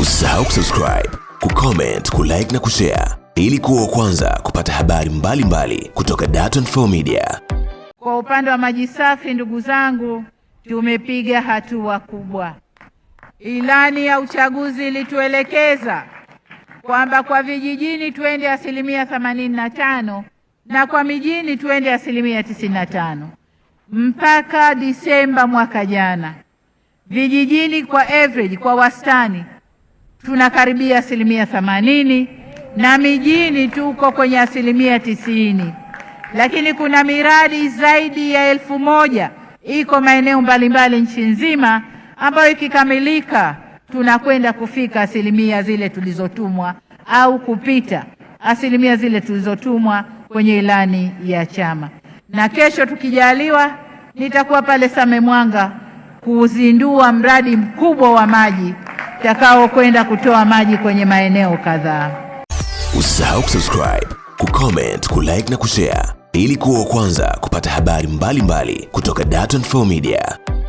Usisahau kusubscribe, kucomment, kulike na kushare ili kuwa kwanza kupata habari mbalimbali mbali kutoka Dar24 Media. Kwa upande wa maji safi, ndugu zangu, tumepiga hatua kubwa. Ilani ya uchaguzi ilituelekeza kwamba kwa vijijini twende asilimia 85 na kwa mijini twende asilimia 95 mpaka Disemba mwaka jana, vijijini kwa average, kwa wastani tunakaribia asilimia themanini na mijini tuko kwenye asilimia tisini, lakini kuna miradi zaidi ya elfu moja iko maeneo mbalimbali nchi nzima ambayo ikikamilika tunakwenda kufika asilimia zile tulizotumwa au kupita asilimia zile tulizotumwa kwenye ilani ya chama. Na kesho tukijaliwa, nitakuwa pale Same Mwanga kuuzindua mradi mkubwa wa maji takaokwenda kutoa maji kwenye maeneo kadhaa. Usisahau kusubscribe, kucomment, kulike na kushare ili kuwa wa kwanza kupata habari mbalimbali mbali kutoka Dar24 Media.